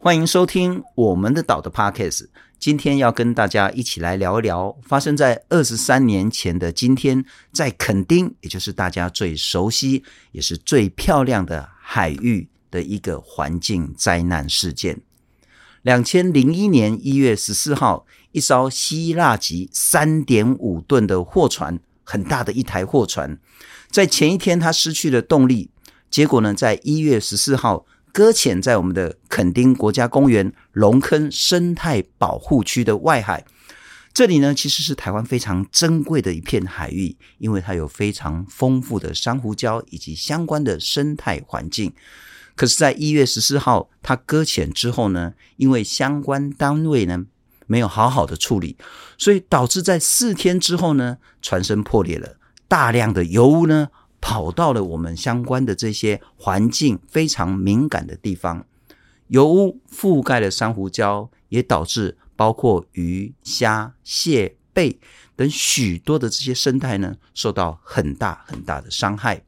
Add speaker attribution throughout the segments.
Speaker 1: 歡迎收聽我們的島的 Podcast，今天要跟大家一起來聊一聊發生在二十三年前的今天，在墾丁，也就是大家最熟悉也是最漂亮的海域的一個環境災難事件。兩千零一年一月十四號，一艘希臘籍三點五噸的貨船，很大的一台貨船，在前一天它失去了動力，結果呢，在一月十四號。擱淺在我們的墾丁國家公園龍坑生態保護區的外海，這裡呢其實是台灣非常珍貴的一片海域，因為它有非常豐富的珊瑚礁以及相關的生態環境。可是在1月14號，在一月十四號它擱淺之後呢，因為相關單位呢沒有好好的處理，所以導致在四天之後呢，船身破裂了，大量的油污呢。跑到了我們相關的這些環境非常敏感的地方。油污覆蓋了珊瑚礁，也導致包括魚蝦蟹貝等許多的這些生態呢受到很大很大的傷害。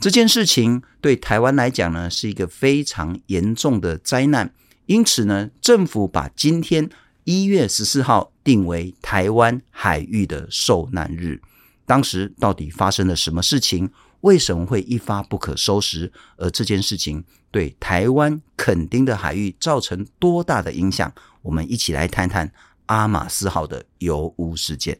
Speaker 1: 這件事情對台灣來講呢是一個非常嚴重的災難，因此呢，政府把今天一月十四號定為台灣海域的受難日。當時到底發生了什麼事情？為什麼會一發不可收拾？而這件事情對台灣墾丁的海域造成多大的影響？我們一起來談談阿瑪斯號的油污事件。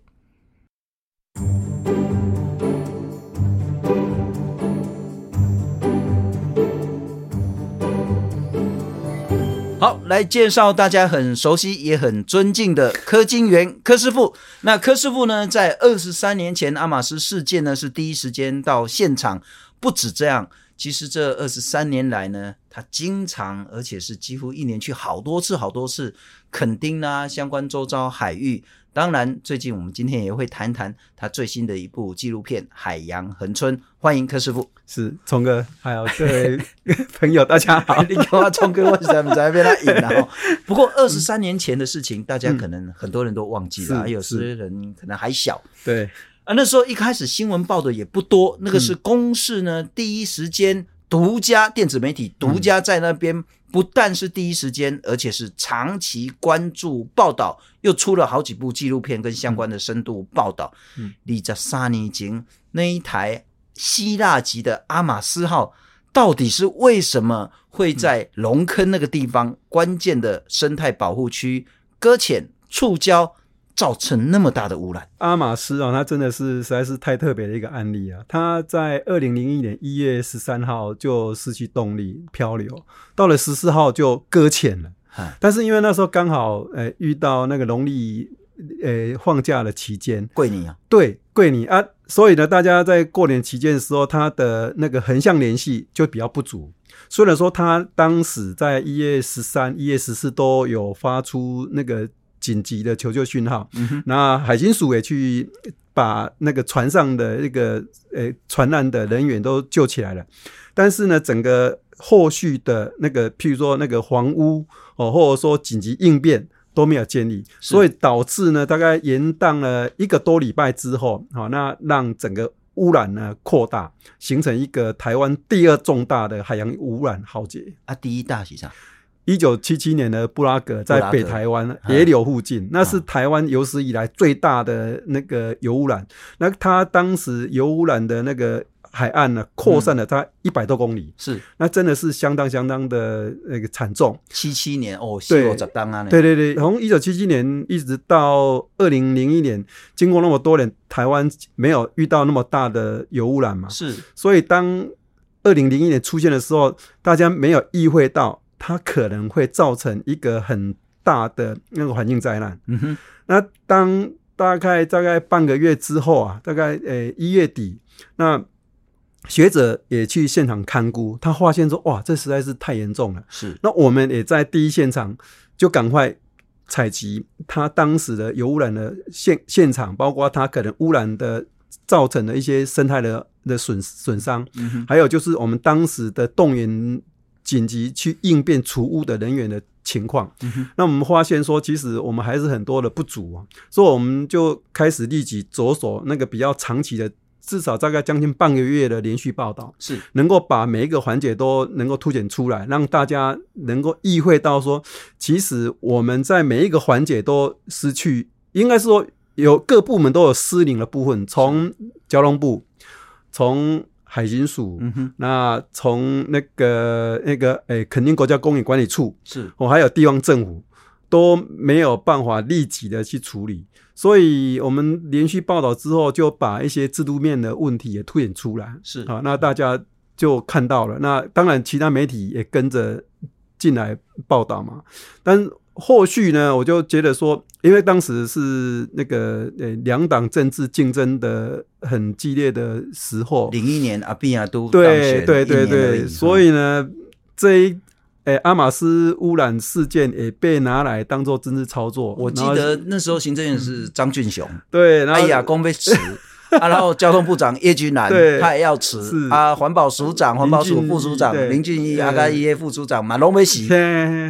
Speaker 1: 好，來介紹大家很熟悉也很尊敬的柯金源柯師傅。那柯師傅呢，在二十三年前阿瑪斯事件呢，是第一時間到現場。不止這樣，其實這二十三年來呢，他經常而且是幾乎一年去好多次好多次墾丁啊，相關周遭海域。當然，最近我們今天也會談談他最新的一部紀錄片《海洋恆春》，歡迎柯師傅。是聰哥，
Speaker 2: 還有各位
Speaker 1: 朋友，大家好！你看啊，聰哥為什麼在那邊來演不過，二十三年前的事情，大家可能很多人都忘記了，還有些人可能還小。對啊，那時候一開始新聞報的也不多，那個是公視呢，第一時間獨家電子媒體獨家在那邊，不但是第一時間，而且是長期關注報道，又出了好幾部紀錄片跟相關的深度報道。嗯，你在沙尼井那一台。希臘籍的阿瑪斯號到底是為什麼會在龍坑那個地方關鍵的生態保護區擱淺觸礁，造成那麼大的污染？
Speaker 2: 阿瑪斯啊，它真的是實在是太特別的一個案例啊！它在二零零一年一月十三號就失去動力漂流，到了十四號就擱淺了。但是因為那時候剛好誒、欸、遇到那個農曆誒放假的期間、啊，桂林啊，對桂林啊。所以呢，大家在過年期間的時候，他的那個橫向聯繫就比較不足。雖然說他當時在一月十三、一月十四都有發出那個緊急的求救訊號、嗯哼，那海巡署也去把那個船上的那個呃、欸、船難的人員都救起來了，但是呢，整個後續的那個，譬如說那個防污，哦，或者說緊急應變。都沒有建立，所以導致呢，大概延宕了一個多禮拜之後，好，那讓整個污染呢擴大，形成一個台灣第二重大的海洋污染浩劫啊，第一大是什麼？一九七七年的布拉格在北台灣野柳附近，那是台灣有史以來最大的那個油污染。那他當時油污染的那個。海岸呢、啊，擴散了它一百多公里，嗯、是，那真的是相當相當的那個慘重。七七年哦，對，正當啊，對對對，從一九七七年一直到二零零一年，經過那麼多年，台灣沒有遇到那麼大的油污染嘛，是。所以當二零零一年出現的時候，大家沒有意會到它可能會造成一個很大的那個環境災難。嗯哼，那當大概大概半個月之後啊，大概呃、欸，一月底，那。學者也去現場勘估，他發現說：“哇，這實在是太嚴重了。”是。那我們也在第一現場就趕快採集他當時的油污染的現現場，包括他可能污染的造成的一些生態的的損損傷，嗯、哼還有就是我們當時的動員緊急去應變除污的人員的情況。嗯、哼那我們發現說，其實我們還是很多的不足啊，所以我們就開始立即着手那個比較長期的。至少大概將近半個月的連續報道，是能夠把每一個環節都能夠凸顯出來，讓大家能夠意會到說，其實我們在每一個環節都失去，應該說有各部門都有失靈的部分，從交通部，從海巡署，嗯哼，那從那個那個，哎、那個欸，墾丁國家公園管理處是，我還有地方政府。都沒有辦法立即的去處理，所以我們連續報道之後，就把一些制度面的問題也凸顯出來，是啊，那大家就看到了。那當然，其他媒體也跟着進來報道嘛。但後續呢，我就覺得說，因為當時是那個呃兩黨政治競爭的很激烈的時候，零一年阿扁啊都對對對,對對對，所以呢這一。哎、欸，阿瑪斯污染事件也被拿來當做政治操作。我，我記得
Speaker 1: 那時候行政院是張俊雄、嗯，
Speaker 2: 對，然後哎呀，
Speaker 1: 公被辭。
Speaker 2: 啊，然後交通部長葉菊
Speaker 1: 蘭， 對他也要辭是啊。環保署長、環保署副署長林俊義，阿幹一副署長馬龍威洗，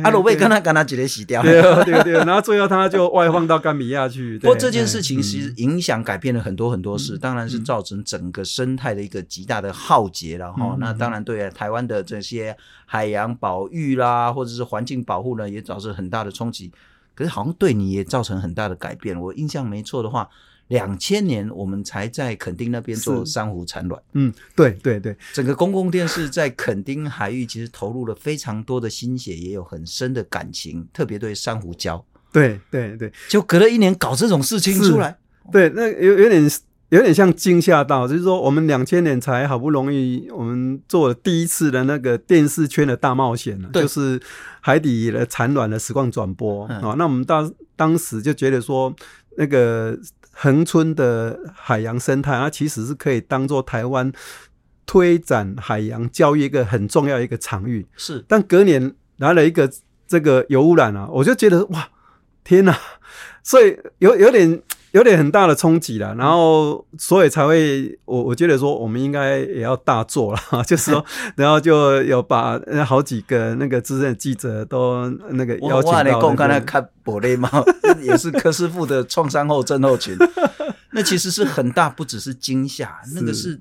Speaker 1: 阿龍威跟他
Speaker 2: 跟他直接洗掉。對對、啊、對，對對對 然後最後他就外放到甘米亞去。不過這件事情其
Speaker 1: 實影響改變了很多很多事，嗯、當然是造成整個生態的一個極大的浩劫然齁。嗯嗯、那當然對、啊、台灣的這些海洋保育啦，或者是環境保護呢，也造成很大的衝擊。可是好像對你也造成很大的改變，我印象沒錯的話。兩千年，我們才在墾丁那邊做珊瑚產卵。嗯，
Speaker 2: 對對對，對
Speaker 1: 整個公共電視在墾丁海域其實投入了非常多的心血，也有很深的
Speaker 2: 感情，特
Speaker 1: 別對珊瑚礁。對對
Speaker 2: 對，對對，就隔了一年搞這種事情出來，對，那有有點有點像驚嚇到，就是說我們兩千年才好不容易，我們做了第一次的那個電視圈的大冒險，對，就是海底的產卵的實況轉播啊。嗯，哦，那我們當當時就覺得說那個。恆春的海洋生態，它其實是可以當做台灣推展海洋教育一個很重要一個場域。是，但隔年來了一個這個油污染啊我就覺得哇，天哪、啊！所以有有點。有點很大的衝擊了。然後所以才會，我我覺得說我們應該也要大做了，嗯、就是說，然後就有把好幾個那個資深記者都那個邀請到我。哇，你共看那看玻璃貓，
Speaker 1: 也是柯師傅的創傷後症候群， 那其實是很大，不只是驚嚇， 那個是，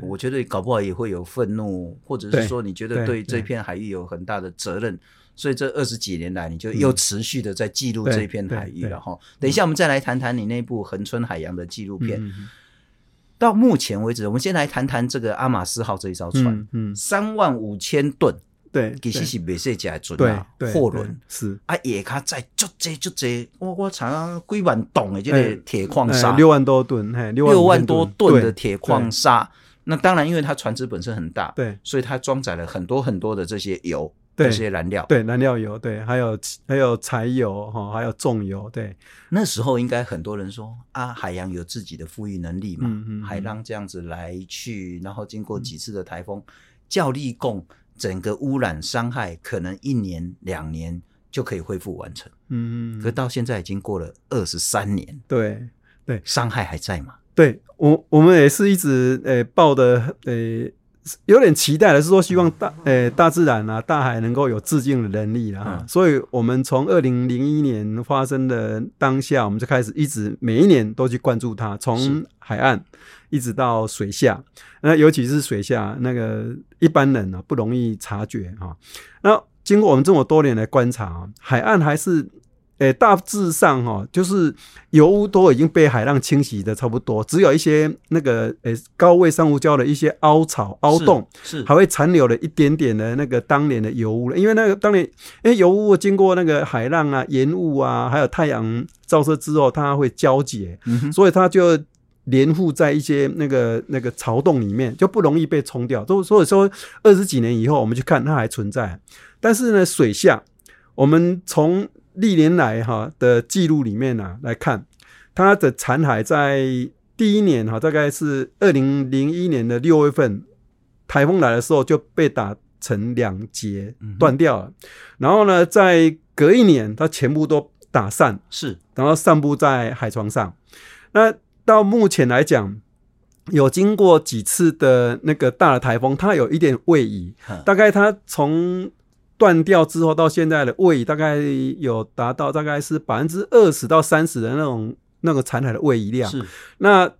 Speaker 1: 我覺得搞不好也會有憤怒，是或者是說你覺得對這片海域有很大的責任。所以這二十幾年來，你就又持續的在記錄這片海域了哈。等一下，我們再來談談你那部恆春海洋的紀錄片。到目前為止，我們先來談談這個阿瑪斯號這一艘船，嗯，三萬五千噸，對，其實是沒西家來裝，對，貨輪是啊，也卡在就這就這，我我查幾萬噸的就是鐵礦砂，六
Speaker 2: 萬多噸，六萬多噸的鐵礦
Speaker 1: 砂。那當然，因為它船只本身很大，對，所以它裝載了很多很多的這些油。對這些燃料，
Speaker 2: 對燃料油，對，還有還有柴油，哈，還有重油，對。那時候應該很多人說
Speaker 1: 啊，海洋有自己的復育能力嘛，嗯哼嗯哼，海浪這樣子來去，然後經過幾次的台風，較力共整個污染傷害，可能一年兩年就可以恢復完成。嗯哼可到現在已經過了二十三年，
Speaker 2: 對對，
Speaker 1: 傷害還在嘛？
Speaker 2: 對我我們也是一直誒報的誒。欸有點期待的是說，希望大誒、欸、大自然啊，大海能夠有自淨的能力啊。嗯。所以，我們從二零零一年發生的當下，我們就開始一直每一年都去關注它，從海岸一直到水下，那尤其是水下那個一般人呢不容易察覺哈。那經過我們這麼多年來觀察，海岸還是。誒、欸，大致上哈，就是油污都已經被海浪清洗得差不多，只有一些那個誒、欸、高位珊瑚礁的一些凹槽、凹洞，還會殘留了一點點的那個當年的油污了。因為那個當年，因為油污經過那個海浪啊、鹽霧啊，還有太陽照射之後，它會膠結，嗯、哼所以它就粘附在一些那個那個槽洞裡面，就不容易被沖掉。都所以說，二十幾年以後，我們去看它還存在。但是呢，水下我們從歷年來哈的記錄裡面呢來看，它的殘骸在第一年哈大概是二零零一年的六月份，台風來的時候就被打成兩截斷掉了。嗯、哼然後呢在隔一年它全部都打散，是然後散布在海床上。那到目前來講，有經過幾次的那個大的台風，它有一點位移，嗯、大概它從。斷掉之後到現在的位移大概有達到大概是百分之二十到三十的那種那個殘骸的位移量是。那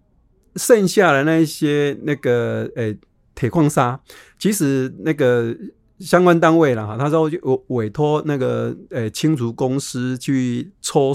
Speaker 2: 剩下的那一些那個誒鐵礦砂，其實那個相關單位了哈，他說委委託那個誒、欸、清除公司去抽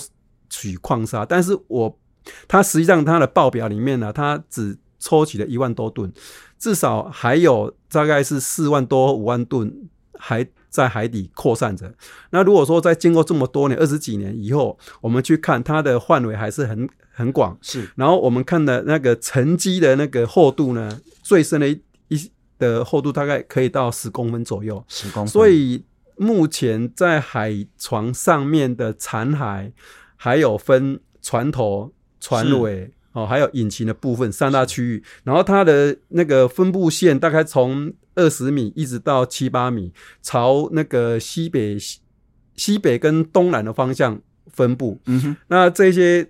Speaker 2: 取礦砂，但是我他實際上他的報表裡面呢、啊，他只抽取了一萬多噸，至少還有大概是四萬多五萬噸還。在海底擴散着。那如果說在經過這麼多年二十幾年以後，我們去看它的範圍還是很很廣。是，然後我們看的那個沉積的那個厚度呢，最深的一一的厚度大概可以到十公分左右。十公分。所以目前在海床上面的殘骸，還有分船頭、船尾。哦，還有引擎的部分，三大區域，然後它的那個分佈線大概從二十米一直到七八米，朝那個西北、西北跟東南的方向分佈。嗯哼，那這些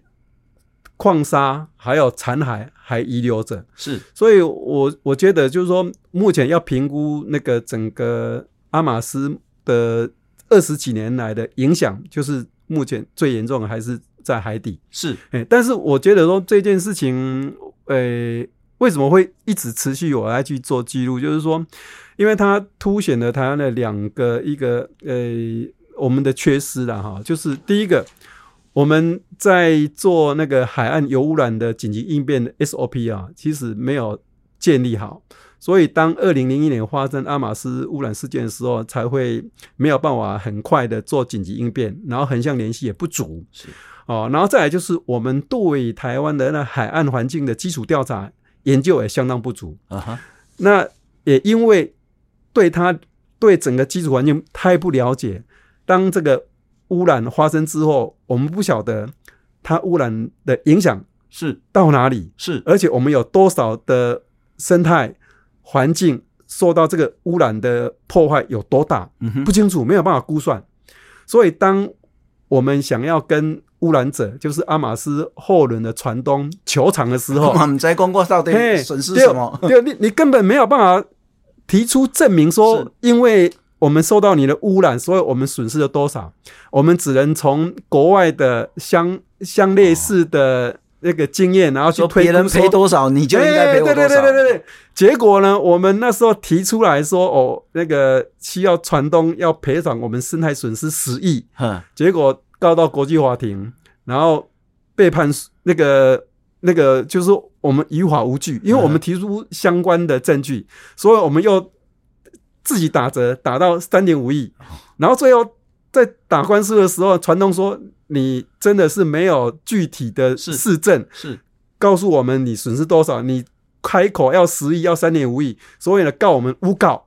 Speaker 2: 礦砂還有殘骸還遺留着，是，所以我我覺得就是說，目前要評估那個整個阿瑪斯的二十幾年來的影響，就是目前最嚴重的還是。在海底是，但是我覺得說這件事情，呃、欸，為什麼會一直持續？我來去做記錄，就是說，因為它凸顯了台灣的兩個一個、欸，我們的缺失了哈。就是第一個，我們在做那個海岸油污染的緊急應變的 SOP 啊，其實沒有建立好，所以當二零零一年發生阿馬斯污染事件的時候，才會沒有辦法很快的做緊急應變，然後橫向聯繫也不足。是。哦，然後再來就是我們對台灣的那海岸環境的基礎調查研究也相當不足啊。Uh huh. 那也因為對它對整個基礎環境太不了解，當這個污染發生之後，我們不曉得它污染的影響是到哪裡是，是而且我們有多少的生態環境受到這個污染的破壞有多大，mm hmm. 不清楚，沒有辦法估算。所以當我們想要跟污染者就是阿馬斯貨輪的船東，求償的時候，我們在公過到底損失什麼？對，對 你你根本沒有辦法提出證明說，因為我們受到你的污染，所以我們損失了多少？我們只能從國外的相相類似的那個經驗，哦、然後去推別人賠多少，說你就應該賠多少，對對對對對。結果呢，我們那時候提出來說，哦，那個需要船東要賠償我們生態損失十億。呵結果。告到國際法庭，然後被判那個那個，那個、就是我們於法無據，因為我們提出相關的證據，所以我們又自己打折打到三點五億，然後最後在打官司的時候，船東說，你真的是沒有具體的事證，是告訴我們你損失多少，你開口要十億，要三點五億，所以呢告我們誣告，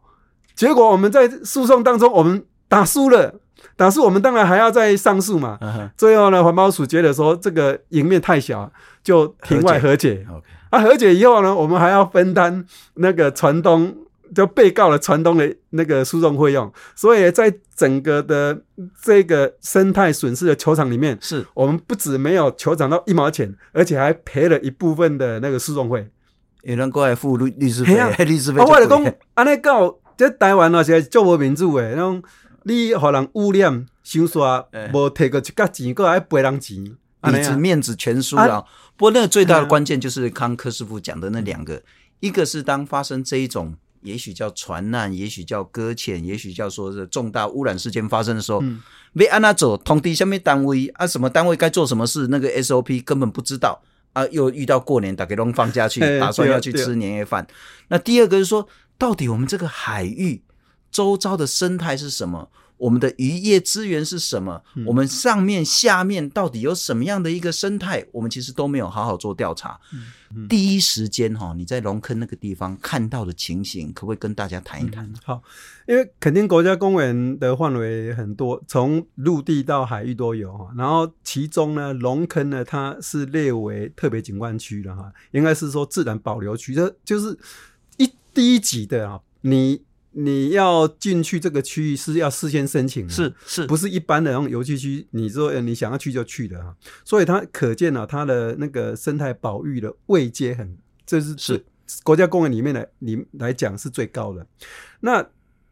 Speaker 2: 結果我們在訴訟當中我們打輸了。但是我們當然還要再上訴嘛。呵呵。最後呢，環保署覺得說這個贏面太小，就庭外和解。和解啊，OK 和解以後呢，我們還要分擔那個船東，就被告的船東的那個訴訟費用。所以在整個的這個生態損失的求償裡面，是我們不只沒有求償到一毛錢，而且還賠了一部分的那個訴訟費，也能過來付律律師費。啊，哦、我來講，安尼搞，這台灣呢是救國民主的那種。你讓人污衊、羞刷，無提過一角錢，過來賠人錢，裡子、面子全輸了，啊。不過，
Speaker 1: 那個最大的關鍵就是康科師傅講的那兩個，嗯、一個是當發生這一種，也許叫船難，也許叫擱淺，也許叫說是重大污染事件發生的時候，沒按怎走，通知下面單位啊，什麼單位該做什麼事，那個 SOP 根本不知道啊。又遇到過年，大家都放假去，嘿打算要去吃年夜飯。啊、那第二個是說，到底我們這個海域。周遭的生態是什麼？我們的漁業資源是什麼？嗯、我們上面、下面到底有什麼樣的一個生態？我們其實都沒有好好做調查。嗯嗯、第一時間哈，你在龍坑那個地方看到的情形，可不可以跟大家談一談、嗯？
Speaker 2: 好，因為墾丁國家公園的範圍很多，從陸地到海域都有哈。然後其中呢，龍坑呢，它是列為特別景觀區的。哈，應該是說自然保留區，這就是第一級的啊，你。你要進去這個區域是要事先申請的，是是不是一般的那種遊戲區？你說你想要去就去的、啊、所以它可見了、啊、它的那個生態保育的位階很，這、就是是國家公園裡面的，你來講是最高的。那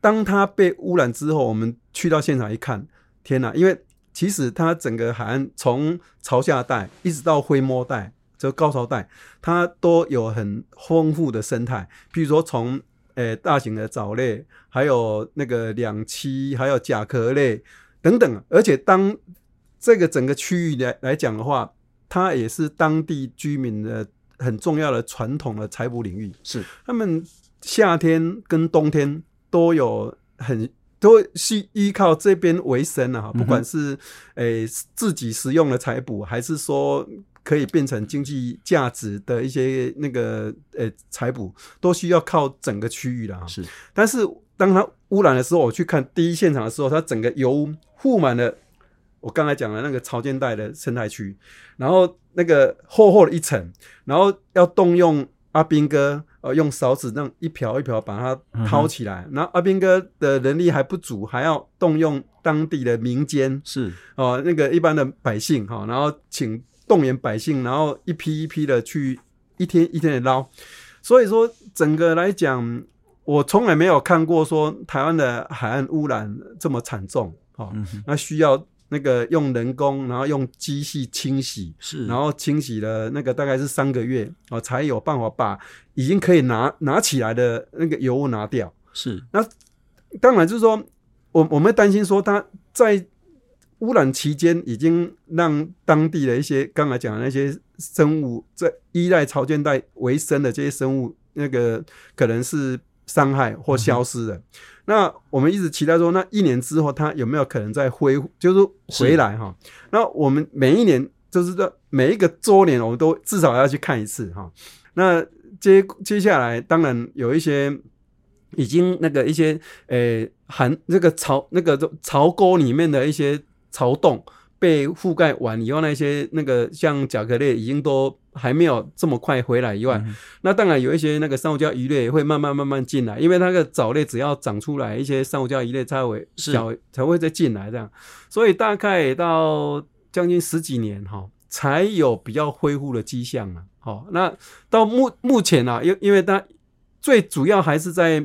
Speaker 2: 當它被污染之後，我們去到現場一看，天哪、啊！因為其實它整個海岸從潮下帶一直到灰摸帶，就高潮帶，它都有很豐富的生態，譬如說從。誒、欸，大型的藻類，還有那個兩棲，還有甲殼類等等。而且，當這個整個區域來來講的話，它也是當地居民的很重要的傳統的採捕領域。是，他們夏天跟冬天都有很，都是依靠這邊為生啊，不管是誒、欸、自己食用的採捕，還是說。可以變成經濟價值的一些那個呃採捕，都需要靠整個區域的啊。是，但是當它污染的時候，我去看第一現場的時候，它整個油覆滿了。我剛才講的那個潮間帶的生態區，然後那個厚厚的一層，嗯、然後要動用阿兵哥呃用勺子弄一瓢一瓢把它掏起來，嗯、然後阿兵哥的人力還不足，還要動用當地的民間是哦、呃、那個一般的百姓哈、呃，然後請。動員百姓，然後一批一批的去，一天一天的撈，所以說整個來講，我從來沒有看過說台灣的海岸污染這麼慘重、嗯、哼啊，那需要那個用人工，然後用機器清洗，是，然後清洗了那個大概是三個月哦、喔，才有辦法把已經可以拿拿起來的那個油污拿掉，是。那當然就是說，我我們擔心說他在。污染期間已經讓當地的一些剛才講的那些生物，在依賴潮間帶為生的這些生物，那個可能是傷害或消失了。嗯、哼那我們一直期待說，那一年之後它有沒有可能再恢復，就是回來哈是？那我們每一年，就是說每一個周年，我們都至少要去看一次哈。那接接下來，當然有一些已經那個一些，哎、欸，含那個潮那個潮溝裡面的一些。潮洞被覆蓋完以後，那些那個像甲殼類已經都還沒有這麼快回來以外，嗯、哼那當然有一些那個珊瑚礁魚類也會慢慢慢慢進來，因為那個藻類只要長出來，一些珊瑚礁魚類才會小才，才會再進來這樣。是所以大概到將近十幾年哈，才有比較恢復的跡象了、啊。好，那到目目前呢、啊，因因為它最主要還是在。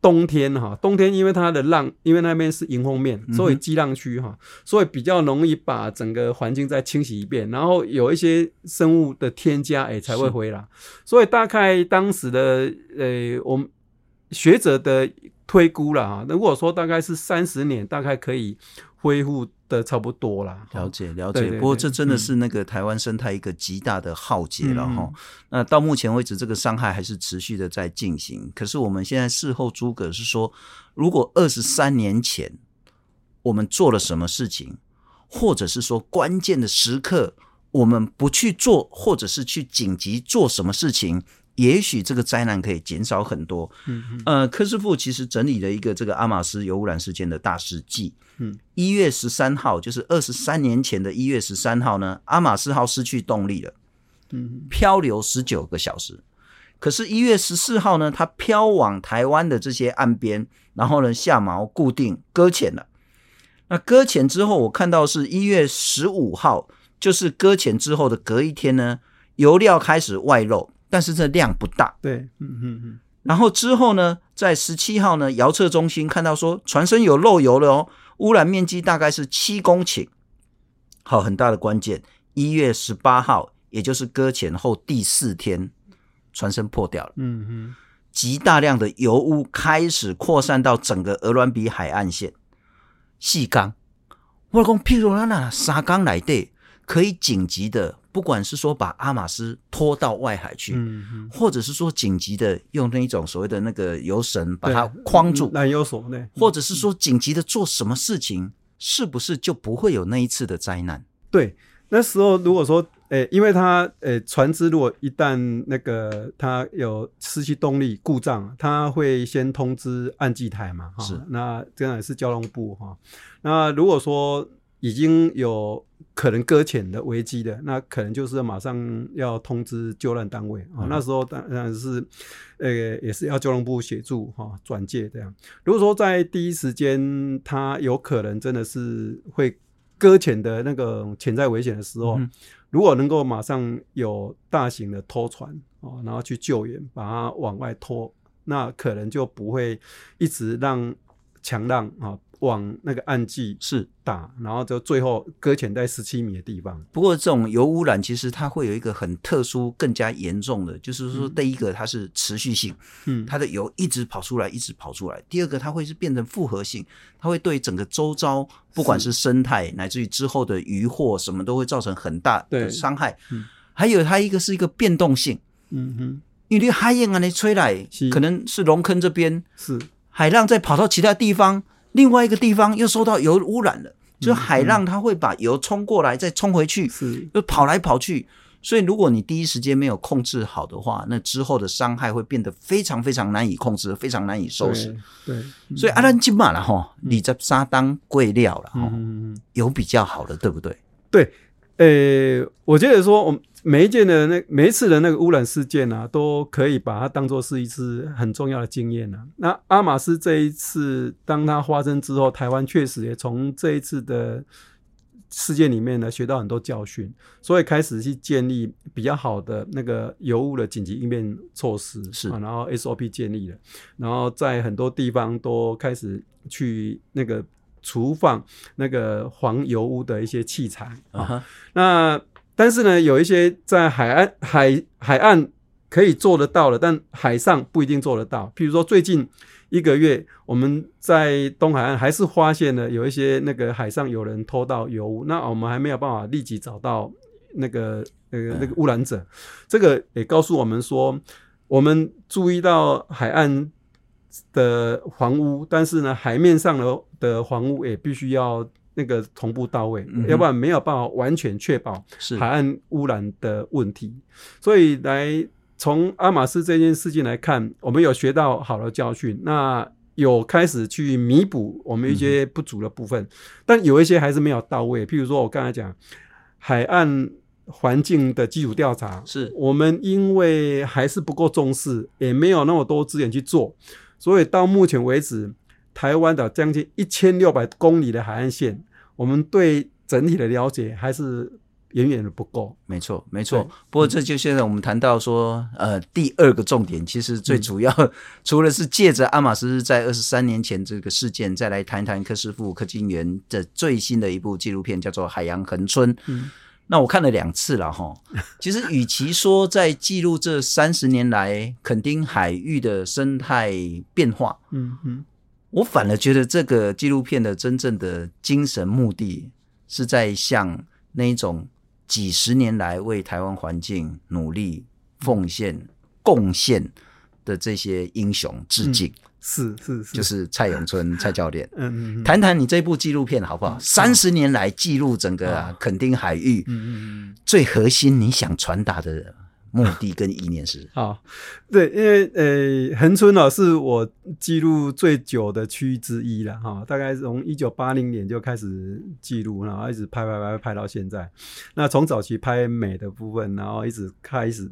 Speaker 2: 冬天哈，冬天因為它的浪，因為那邊是迎風面，所以激浪區哈，嗯、哼所以比較容易把整個環境再清洗一遍，然後有一些生物的添加，哎、欸、才會回來。是所以大概當時的呃、欸，我們學者的推估了啊，如果說大概是三十年，大概可以恢復。的差不多啦，了解
Speaker 1: 了解。了解，對對對，不過這真的是那個台灣生態一個極大的浩劫了哈。然後那到目前為止，這個傷害還是持續的在進行。可是我們現在事後諸葛是說，如果二十三年前我們做了什麼事情，或者是說關鍵的時刻我們不去做，或者是去緊急做什麼事情。也許這個災難可以減少很多。嗯哼，呃，柯師傅其實整理了一個這個阿馬斯油污染事件的大事記。嗯，一月十三號，就是二十三年前的一月十三號呢，阿馬斯號失去動力了。嗯
Speaker 2: 哼，
Speaker 1: 漂流十九個小時。可是，一月十四號呢，它漂往台灣的這些岸邊，然後呢，下錨固定，擱淺了。那擱淺之後，我看到是一月十五號，就是擱淺之後的隔一天呢，油料開始外漏。但是這量不大，對，嗯嗯嗯。然後之後呢，在十七號呢，遙測中心看到說船身有漏油了哦，污染面積大概是七公頃，好，很大的關鍵。一月十八號，也就是擱淺後第四天，船身破掉了，嗯嗯哼，極大量的油污開始擴散到整個鵝鑾鼻海岸線，細鋼，外公，譬如那那沙鋼來對，可以緊急的。不管是說把阿馬斯拖到外海去，嗯，嗯或者是說緊急的用那一種所謂的那個油繩把它對框住，那油繩呢，或者是說緊急的做什麼事情，嗯、是不是就不會有那一次的災難？
Speaker 2: 對，那時候如果說，欸、因為他哎、欸，船隻如果一旦那個他有失去動力故障，他會先通知岸際台嘛，是，那這樣也是交通部哈。那如果說已經有。可能擱淺的危機的，那可能就是馬上要通知救難單位啊。嗯、那時候當然是，呃，也是要交通部協助哈哦、轉介這樣。如果說在第一時間，它有可能真的是會擱淺的那個潛在危險的時候，嗯、如果能夠馬上有大型的拖船啊、哦，然後去救援，把它往外拖，那可能就不會一直讓強浪啊。哦往那個暗記是打，是然後就最後擱淺在十七米的地方。不過這種油污染其實它會有一個很特殊、
Speaker 1: 更加嚴重的，就是說，第一個它是持續性，嗯，它的油一直跑出來，一直跑出來；嗯、第二個，它會是變成複合性，它會對整個周遭，不管是生態，是乃至於之後的漁獲什麼，都會造成很大的傷害。嗯，還有它一個是一個變動性，
Speaker 2: 嗯
Speaker 1: 哼，因為你海燕啊，你吹來，是可能是龍坑這邊是海浪再跑到其他地方。另外一個地方又受到油污染了，就海浪它會把油沖過來，再沖回去，嗯、又跑來跑去。所以如果你第一時間沒有控制好的話，那之後的傷害會變得非常非常難以控制，非常難以收拾。對，對，所以阿蘭吉滿了吼你在沙當貴料了哈，有比較好的，嗯、對不對？
Speaker 2: 對，呃，我覺得說我們。每一件的那每一次的那個污染事件呢、啊，都可以把它當做是一次很重要的經驗呢、啊。那阿瑪斯這一次，當它發生之後，台灣確實也從這一次的事件裡面呢學到很多教訓，所以開始去建立比較好的那個油污的緊急應變措施，是啊，然後 SOP 建立了，然後在很多地方都開始去那個存放那個防油污的一些器材、uh huh. 啊，那。但是呢，有一些在海岸海海岸可以做得到的，但海上不一定做得到。譬如說，最近一個月，我們在東海岸還是發現了有一些那個海上有人偷盜油污，那我們還沒有辦法立即找到那個那個、呃、那個污染者。這個也告訴我們說，我們注意到海岸的房屋，但是呢，海面上的的房屋也必須要。那個同步到位，嗯、哼要不然沒有辦法，完全確保海岸污染的問題。是所以來從阿馬斯這件事情來看，我們有學到好的教訓，那有開始去彌補我們一些不足的部分，嗯、哼但有一些還是沒有到位。譬如說我剛才講海岸環境的基礎調查，是我們因為還是不夠重視，也沒有那麼多資源去做，所以到目前為止，台灣的將近一千六百公里的海岸線，我們對整體的了解還是遠遠的不夠。沒錯，沒錯。對不過這就現在
Speaker 1: 我們談到說，嗯、呃，第二個重點其實最主要，嗯、除了是借着阿瑪斯在二十三年前這個事件，再來談談柯師傅柯金源的最新的一部紀錄片，叫做《海洋恆春》。嗯，那我看了兩次了哈。其實，與其說在記錄這三十年來墾 丁海域的生態變化，嗯嗯我反而覺得這個紀錄片的真正的精神目的，是在向那種幾十年來為台灣環境努力奉獻、奉獻、貢獻的這些英雄致敬。是是、嗯、是，是是就是蔡永春、 蔡教練、嗯。嗯嗯談談你這部紀錄片好不好？三十、嗯、年來記錄整個墾、啊哦、丁海域，嗯嗯嗯，最核心你想傳達的人。目的跟意念是、
Speaker 2: 啊，好，對，因為呃，恆春啊是我記錄最久的區域之一了哈，大概從一九八零年就開始記錄，然後一直拍拍拍拍拍到現在。那從早期拍美的部分，然後一直開始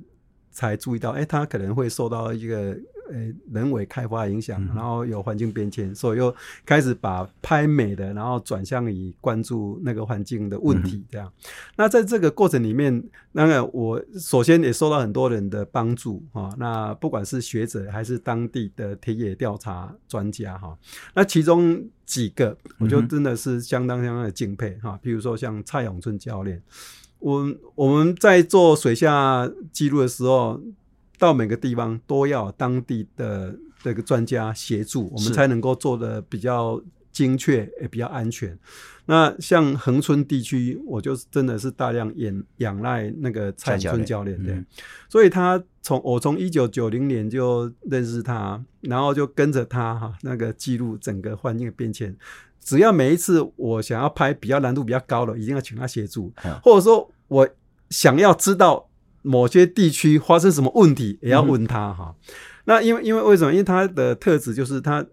Speaker 2: 才注意到，哎，它可能會受到一個。呃，人為開發影響，然後有環境變遷，嗯、哼所以又開始把拍美的，然後轉向以關注那個環境的問題。這樣，嗯、哼那在這個過程裡面，那個我首先也受到很多人的幫助哈，那不管是學者還是當地的田野調查專家哈，那其中幾個，我就真的是相當相當的敬佩哈。嗯、哼比如說像蔡永春教練，我我們在做水下記錄的時候。到每個地方都要當地的這個專家協助，我們才能夠做得比較精確，也比較安全。那像恆春地區，我就真的是大量仰仰賴那個蔡永春教練的，對練嗯、所以他從我從一九九零年就認識他，然後就跟着他哈，那個記錄整個環境的變遷。只要每一次我想要拍比較難度比較高的，一定要請他協助，嗯、或者說我想要知道。某些地區發生什麼問題，也要問他哈。嗯、哼那因為因為為什麼？因為他的特質就是他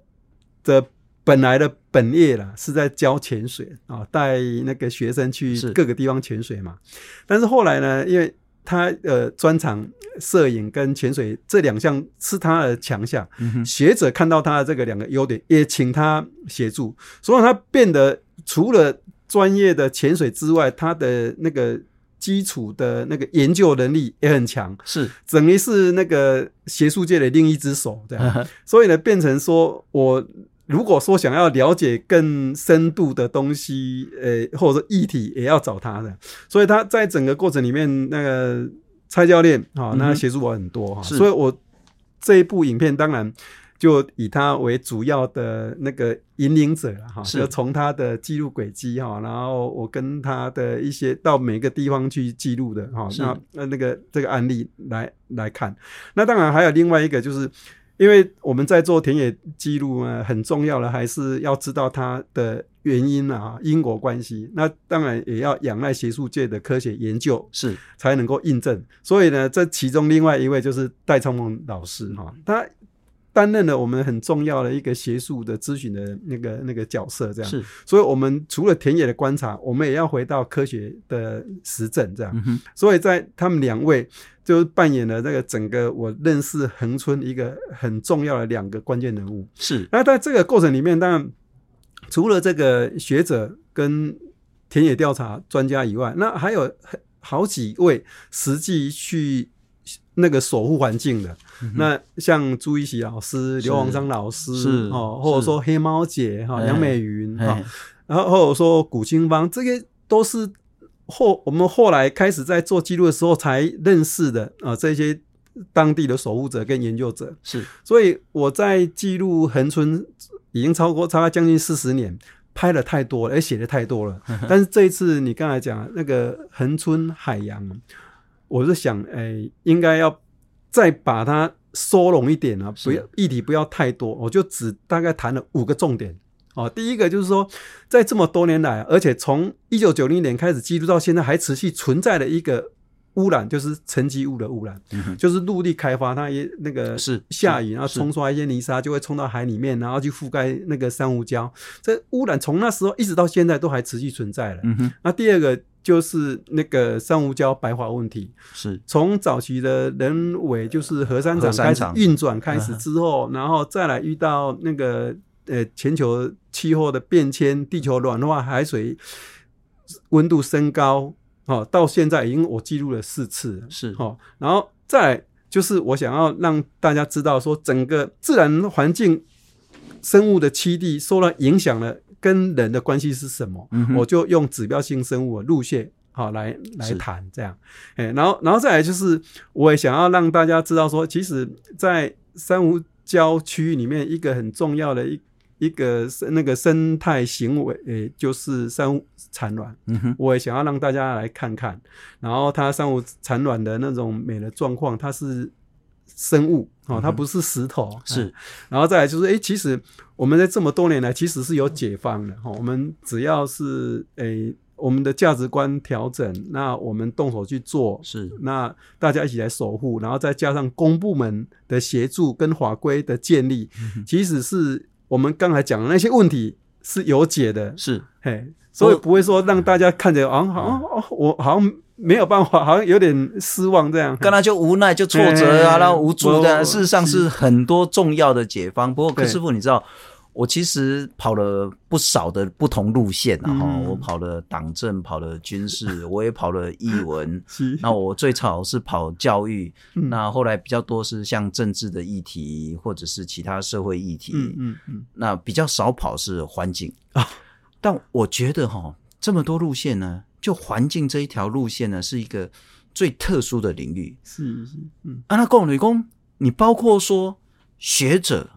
Speaker 2: 的本來的本業啦，是在教潛水啊，帶那個學生去各個地方潛水嘛。是。但是後來呢，因為他呃專長攝影跟潛水這兩項是他的強項，嗯、哼學者看到他的這個兩個優點，也請他協助，所以他變得除了專業的潛水之外，他的那個。基礎的那個研究能力也很強，是等於是那個學術界的另一隻手這樣，對呵。所以呢，變成說我如果說想要了解更深度的東西，呃，或者說議題，也要找他的。所以他在整個過程裡面，那個蔡教練，好、嗯哼，他協助我很多哈。是所以我這一部影片，當然。就以他為主要的那個引領者哈，就是，從他的記錄軌跡哈，然後我跟他的一些到每個地方去記錄的哈，那是那那個這個案例來來看，那當然還有另外一個，就是因為我們在做田野記錄嘛，很重要的還是要知道它的原因啊，因果關係，那當然也要仰賴學術界的科學研究是才能夠印證，是所以呢，這其中另外一位就是戴昌鳳老師哈，他。擔任了我們很重要的一個學術的諮詢的那個那個角色，這樣是。所以，我們除了田野的觀察，我們也要回到科學的實證，這樣。嗯哼。所以在他們兩位，就扮演了這個整個我認識恆春一個很重要的兩個關鍵人物。是。那在這個過程裡面，當然除了這個學者跟田野調查專家以外，那還有好幾位實際去。那個守護環境的，嗯、哼那像朱一喜老師、劉是王章老師是哦，或者說黑貓姐哈、是楊美雲哈，欸、然後或者說古今芳，這些都是後我們後來開始在做記錄的時候才認識的啊，這些當地的守護者跟研究者是。所以我在記錄恆春已經超過，差將近四十年，拍了太多了，也寫的太多了。呵呵，但是這一次你剛才講那個恆春海洋。我是想，哎、欸，應該要再把它收攏一點啊，是不要議題不要太多，我就只大概談了五個重點。哦，第一個就是說，在這麼多年來，而且從一九九零年開始記錄到現在，還持續存在的一個污染，就是沉積物的污染，嗯、哼就是陸地開發，它也那個是下雨是然後沖刷一些泥沙，就會沖到海裡面，是然後去覆蓋那個珊瑚礁。這污染從那時候一直到現在都還持續存在了。那、嗯哼啊、第二個。就是那個珊瑚礁白化問題，是從早期的人為，就是核三廠開始運轉開始之後，呵呵然後再來遇到那個呃全球氣候的變遷，地球暖化，海水溫度升高，哦，到現在已經我記錄了四次，是哦，然後再來就是我想要讓大家知道說，整個自然環境生物的棲地受到影響了。跟人的關係是什麼？嗯、哼我就用指標性生物的路線好來來談這樣，是欸、然後然後再來就是，我也想要讓大家知道說，其實，在珊瑚礁區裡面，一個很重要的一個一個那個生態行為，欸、就是珊瑚產卵。嗯、哼我也想要讓大家來看看，然後它珊瑚產卵的那種美的狀況，它是。生物哦，它不是石頭，嗯、是、哎，然後再來就是，哎、欸，其實我們在這麼多年來，其實是有解放的哈、哦。我們只要是誒、欸，我們的價值觀調整，那我們動手去做，是，那大家一起來守護，然後再加上公部門的協助跟法規的建立，嗯、哼其實是我們剛才講的那些問題是有解的，是，嘿、哎，所以不會說讓大家看着，好像哦，我好像。沒有辦法，好像有點失望這樣，剛才就無奈、就挫折啊，然後無助的。事實上是
Speaker 1: 很多重要的解方。不過柯師傅，你知道，我其實跑了不少的不同路線，然後我跑了黨政，跑了軍事，我也跑了藝文。那我最早是跑教育，那後來比較多是像政治的議題，或者是其他社會議題。嗯嗯嗯。那比較少跑是環境啊，但我覺得哈，這麼多路線呢，就環境這一條路線呢，是一個最特殊的領域。是是嗯，啊，那工女工，你包括說學者、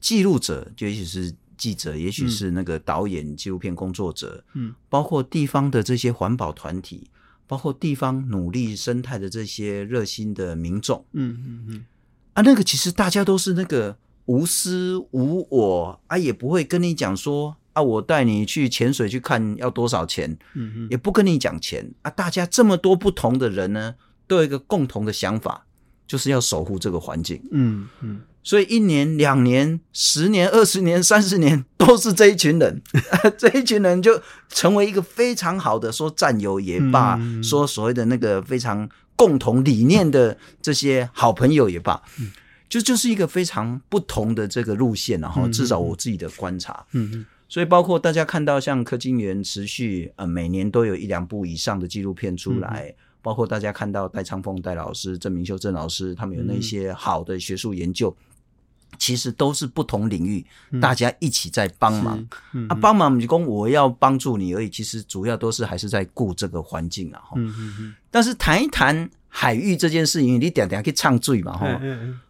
Speaker 1: 記錄者，就也許是記者，也許是那個導演、紀錄、嗯、片工作者，嗯，包括地方的這些環保團體，包括地方努力生態的這些熱心的民眾、嗯，嗯嗯嗯，啊，那個其實大家都是那個無私無我啊，也不會跟你講說。我帶你去潛水去看要多少錢？嗯嗯哼，也不跟你講錢啊。大家這麼多不同的人呢，都有一個共同的想法，就是要守護這個環境。嗯嗯哼，所以一年、兩年、十年、二十年、三十年，都是這一群人， 這一群人就成為一個非常好的說戰友也罷，嗯、哼說所謂的那個非常共同理念的這些好朋友也罷，嗯、哼就就是一個非常不同的這個路線。然後，至少我自己的觀察，嗯嗯。所以，包括大家看到像柯金源持續呃，每年都有一兩部以上的紀錄片出來，嗯、包括大家看到戴昌鳳戴老師、鄭明修鄭老師，他們有那些好的學術研究，嗯、其實都是不同領域、嗯、大家一起在幫忙。嗯、啊，幫忙就跟我要幫助你而已，其實主要都是還是在顧這個環境啊、嗯。嗯，嗯，嗯，但是談一談海域這件事情，你點點可以唱醉嘛？哈，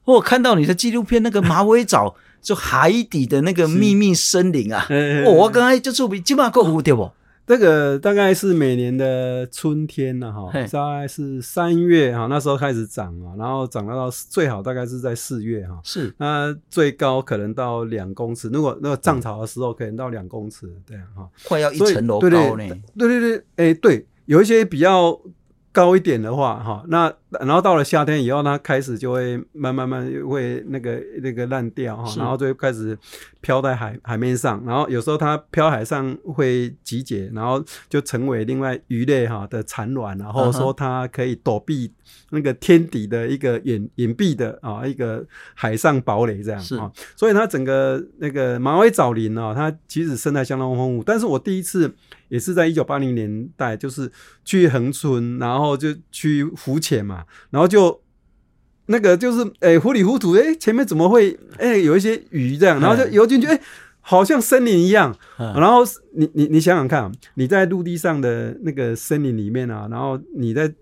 Speaker 1: 我看到你的紀錄片那個馬尾藻。 就海底的那個祕密森林啊，欸欸欸哦、我我剛才就是基本上夠蝴蝶啵。那
Speaker 2: 個大概是每年的春天吶、啊，哈嘿，大概是三月哈、啊，那時候開始長啊，然後長到最好大概是在四月哈、啊。是，那最高可能到兩公尺，如果那個漲潮的時候可能到兩公尺，對、啊，哈、嗯，啊、快要一層樓高呢對對，對對對，哎對，有一些比較。高一點的話，哈，那然後到了夏天以後，它開始就會慢慢慢慢會那個那個爛掉哈，是然後就會開始漂在海海面上，然後有時候它漂海上會集結，然後就成為另外魚類哈的產卵，然後說它可以躲避那個天敵的一個隱隱蔽的啊一個海上堡壘這樣啊，是所以它整個那個馬尾藻林呢，它其實生態相當豐富，但是我第一次。也是在一九八零年代，就是去恆春，然後就去浮潛嘛，然後就那個就是哎、欸、糊裡糊塗哎、欸，前面怎麼會哎、欸、有一些魚這樣，然後就游進去，哎嘿、欸、好像森林一樣。嘿然後你你你想想看、啊，你在陸地上的那個森林裡面啊，然後你在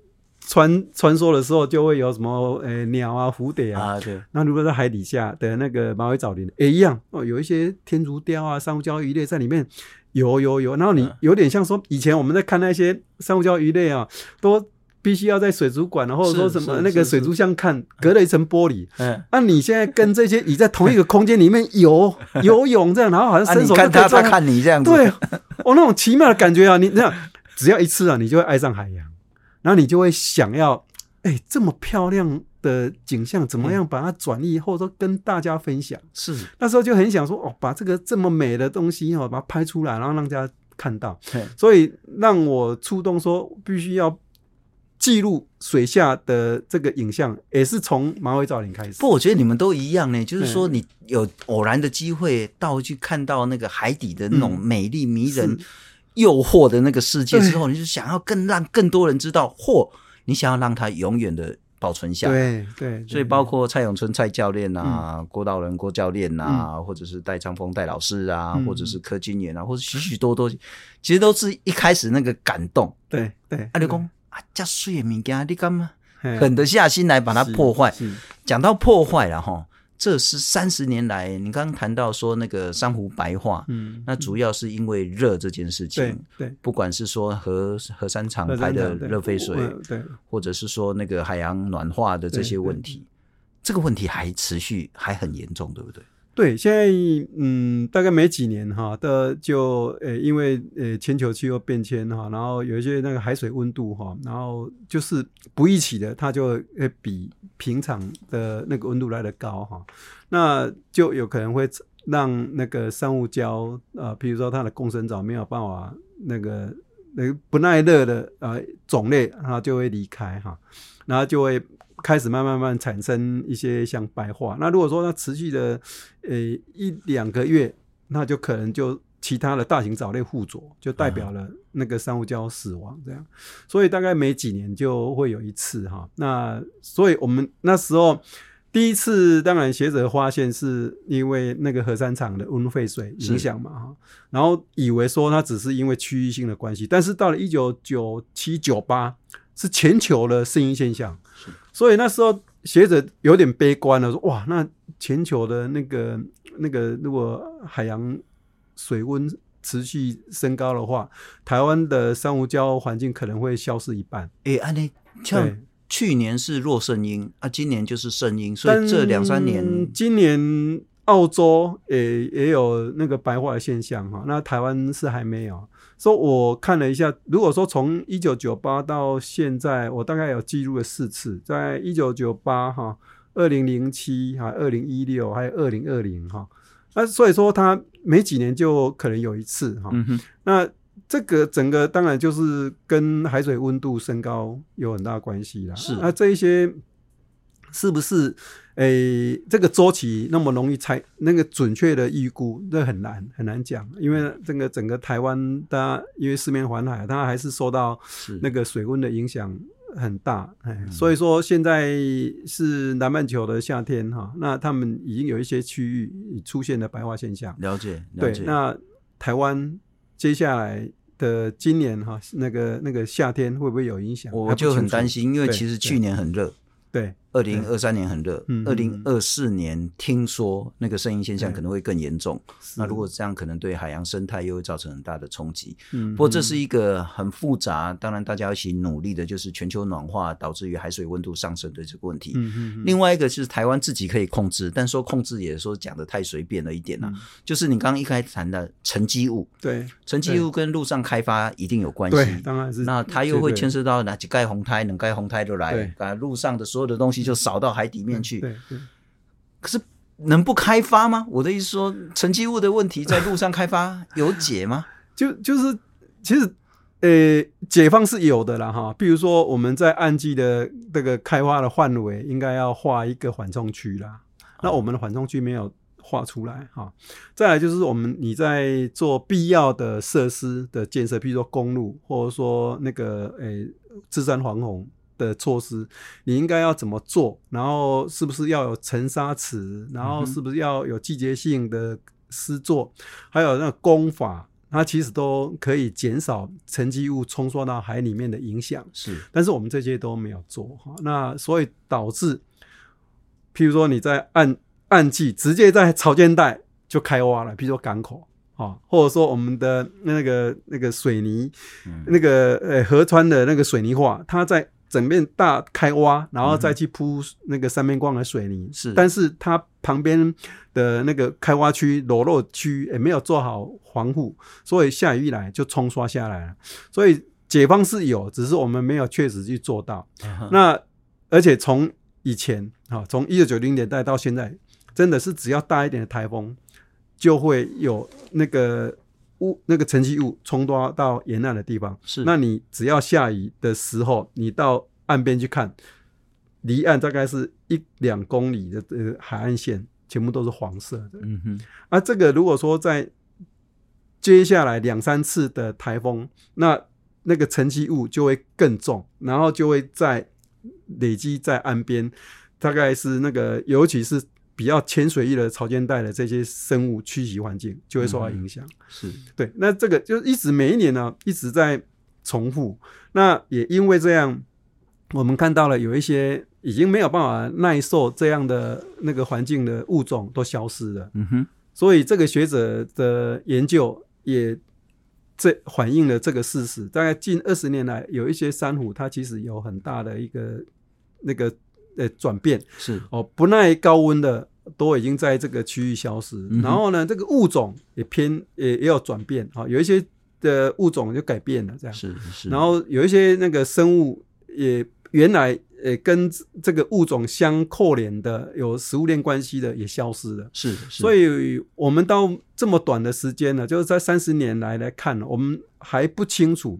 Speaker 2: 穿穿梭的時候，就會有什麼哎、欸、鳥啊、蝴蝶啊。啊對。那如果在海底下的那個馬尾藻林也、欸、一樣哦，有一些天竺鯛啊、珊瑚礁魚類在裡面。有有有，然後你有點像說以前我們在看那些珊瑚礁魚類啊，都必須要在水族館、啊，然後說什麼那個水族箱看，是是是隔了一層玻璃。嗯，那你現在跟這些魚你在同一個空間裡面游 游泳這樣，然後好像伸手在、啊、看，看你這樣，對， 哦，那種奇妙的感覺啊！你這樣只要一次啊，你就會愛上海洋，然後你就會想要，哎、欸，這麼漂亮。的景象怎麼樣？把它轉移或者說跟大家分享，嗯。是那時候就很想說，哦，把這個這麼美的東西哦，把它拍出來，然後讓大家看到。嘿所以讓我觸動說，說必須要記錄水下的這個影像，也是從馬尾藻林開始。不，我覺得你們都一樣呢，欸，就是說你有偶然的機會
Speaker 1: 到去看到那個海底的那種美麗迷人，誘惑的那個世界之後，嗯，你就想要更讓更多人知道，或你想要讓它永遠的。保存下。對，對對，所以包括蔡永春蔡教練啊，嗯、郭道仁郭教練啊，或者是戴昌鳳戴老師啊，嗯、或者是柯金源啊，或者許許多多，嗯、其實都是一開始那個感動，對對，對啊，你說啊，這碎的物件你幹嘛狠得下心來把它破壞？講到破壞了哈。這是三十年來，你剛剛談到說那個珊瑚白化，嗯，那主要是因為熱這件事情，對，對，不管是說核核三廠排的熱廢水，對，對，對，或者是說那個海洋暖化的這些問題，這個問題還持續，還很嚴重，對不對？
Speaker 2: 對，現在嗯，大概沒幾年哈，的就呃、欸，因為呃、欸，全球氣候變遷哈，然後有一些那個海水溫度哈，然後就是不一起的，它就會比平常的那個溫度來得高哈，那就有可能會讓那個生物礁啊，比、呃、如說它的共生藻沒有辦法那個那個不耐熱的啊、呃、種類，它就會離開哈，然後就會。開始慢，慢慢慢產生一些像白化，那如果說它持續的，呃、欸、一兩個月，那就可能就其他的大型藻類附着就代表了那個珊瑚礁死亡這樣，嗯、所以大概每幾年就會有一次哈，那所以我們那時候第一次當然學者發現是因為那個核三廠的溫廢水影響嘛哈，是然後以為說它只是因為區域性的關係，但是到了一九九七九八，是全球的聖嬰現象，所以那時候學者有點悲觀了，說哇，那全球的那個那個如果海洋水溫持續升高的話，台灣的珊瑚礁環境可能會消失一半。誒，按呢像去年是弱聖嬰，對啊，
Speaker 1: 今年就是聖嬰。所以這兩三年，
Speaker 2: 今年澳洲也也有那個白化現象哈，那台灣是還沒有。所以說我看了一下，如果說從一九九八到現在，我大概有記錄了四次，在一九九八哈、二零零七、二零一六還有二零二零哈，那、啊、所以說它每幾年就可能有一次哈。嗯、哼那這個整個當然就是跟海水溫度升高有很大關係啦。那的、啊、這一些。是不是？誒、欸，這個週期那麼容易猜，那個準確的預估都很難很難講，因為這個整個台灣它因為四面環海，它還是受到那個水溫的影響很大。是哎，嗯、所以說現在是南半球的夏天哈，那他們已經有一些區域出現了白化現象。
Speaker 1: 了解，了解對。那
Speaker 2: 台灣接下來的今年哈，那個那個夏天會不會有影響？我就很擔心，因為其實
Speaker 1: 去年很熱。對。對二零二三年很熱，二零二四年聽說那個聖嬰現象可能會更嚴重。對那如果這樣，可能對海洋生態又會造成很大的衝擊。對不過這是一個很複雜，當然大家要一起努力的，就是全球暖化導致於海水溫度上升的這個問題。對另外一個就是台灣自己可以控制，但說控制也說講得太隨便了一點啦、啊。對就是你剛剛一開始談的沉積物，
Speaker 2: 對，沉積物
Speaker 1: 跟陸上開發一定有關係，對，
Speaker 2: 當然是。那它又會牽涉
Speaker 1: 到哪幾蓋紅胎，能蓋對紅胎就來，啊對，陸上的所有的東西。就掃到海底面去，嗯、可是能不開發嗎？我的意思說，沉積物
Speaker 2: 的問題在陸上開發有解嗎？ 就就是其實，呃、欸，解放是有的啦，哈。比如說我們在岸基的這個開發的範圍，應該要畫一個緩衝區啦。嗯、那我們的緩衝區沒有畫出來，哈。再來就是我們你在做必要的設施的建設，比如說公路，或者說那個呃，治、欸、山防洪。的措施，你應該要怎麼做？然後是不是要有沉沙池？然後是不是要有季節性的施作？嗯、哼還有那個工法，它其實都可以減少沉積物沖刷到海裡面的影響。是，但是我們這些都沒有做哈。那所以導致，譬如說你在暗暗季直接在潮間帶就開挖了，譬如說港口啊，或者說我們的那個那個水泥，嗯、那個呃河川的那個水泥化，它在，整面大開挖，然後再去鋪那個三面光的水泥。是、嗯哼，但是它旁邊的那個開挖區、裸露區也沒有做好防護，所以下雨一來就沖刷下來了。所以，解放是有，只是我們沒有確實去做到。嗯、哼那而且從以前哈，從一九九零年代到現在，真的是只要大一點的颱風，就會有那個。霧，那個沉積物沖刷到沿岸的地方，是。那你只要下雨的時候，你到岸邊去看，離岸大概是一兩公里的這個海岸線，全部都是黃色的。嗯哼。啊，這個如果說在接下來兩三次的颱風，那那個沉積物就會更重，然後就會再累積在岸邊，大概是那個尤其是。比較淺水域的潮間帶的這些生物棲息環境就會受到影響。嗯，是對。那這個就一直每一年呢、啊，一直在重複。那也因為這樣，我們看到了有一些已經沒有辦法耐受這樣的那個環境的物種都消失了。嗯哼。所以這個學者的研究也這反映了這個事實。大概近二十年來，有一些珊瑚，它其實有很大的一個那個。呃，轉變是哦，不耐高溫的都已經在這個區域消失，嗯、哼然後呢，這個物種也偏也也有轉變啊、哦，有一些的物種就改變了這樣，是是。然後有一些那個生物也原來呃跟這個物種相扣連的有食物鏈關係的也消失了，是，是。所以，我們到這麼短的時間呢，就是在三十年來來看，我們還不清楚。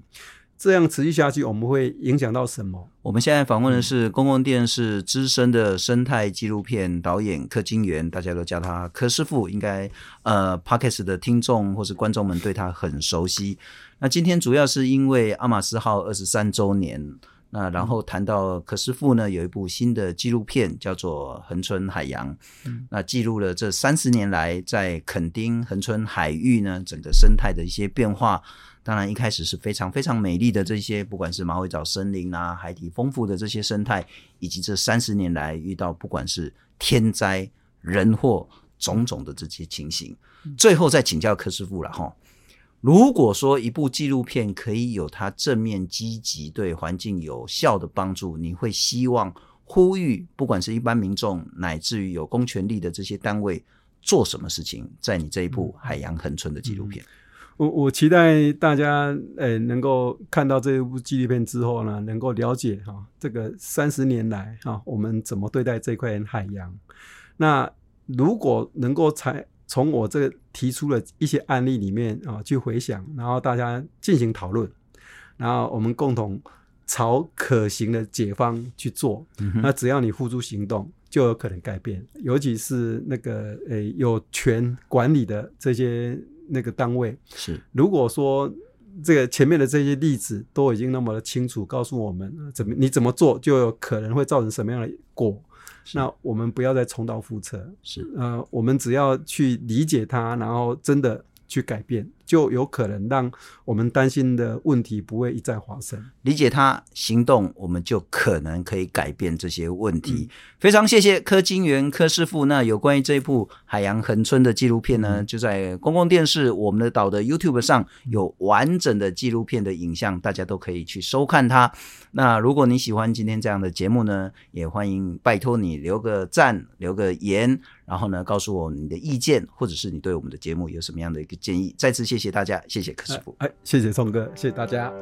Speaker 2: 這樣持續下去，我們會影響到什麼？
Speaker 1: 我們現在訪問的是公共電視資深的生態紀錄片導演柯金源，大家都叫他柯師傅，應該呃，Podcast 的聽眾或是觀眾們對他很熟悉。那今天主要是因為阿瑪斯號二十三週年，那然後談到柯師傅呢，有一部新的紀錄片叫做《恆春海洋》，嗯，那記錄了這三十年來在墾丁恆春海域呢，整個生態的一些變化。當然，一開始是非常非常美麗的這些，不管是馬尾藻森林啊，海底豐富的這些生態，以及這三十年來遇到不管是天災人禍種種的這些情形，嗯、最後再請教柯師傅了哈。如果說一部紀錄片可以有它正面積極對環境有效的幫助，你會希望呼籲，不管是一般民眾，乃至於有公權力的這些單位做什麼事情，在你這一部《海洋恆春》的紀錄片。嗯
Speaker 2: 我我期待大家、欸、能夠看到這部紀錄片之後呢，能夠了解哈、啊、這個三十年來哈、啊、我們怎麼對待這塊海洋。那如果能夠從我這個提出的一些案例裡面啊去回想，然後大家進行討論，然後我們共同朝可行的解方去做，嗯哼。那只要你付諸行動，就有可能改變。尤其是那個誒、欸、有權管理的這些。那個單位是，如果說這個前面的這些例子都已經那麼的清楚告訴我們，怎麼你怎麼做，就有可能會造成什麼樣的果，是那我們不要再重蹈覆轍。是，呃，我們只要去理解它，然後真的去改變。就有可能讓我們擔心的問題不會一再發生。
Speaker 1: 理解他行動，我們就可能可以改變這些問題。嗯、非常謝謝柯金源、柯師傅。那有關於這一部《海洋恆春》的紀錄片呢，嗯、就在公共電視我們的島的 YouTube 上有完整的紀錄片的影像，大家都可以去收看它。那如果你喜歡今天這樣的節目呢，也歡迎拜托你留個讚，留個言，然後呢，告訴我你的意見，或者是你對我們的節目有什麼樣的一個建議。再次謝謝。謝謝大家，謝謝柯師傅哎，哎，謝謝宋哥，謝
Speaker 2: 謝大家。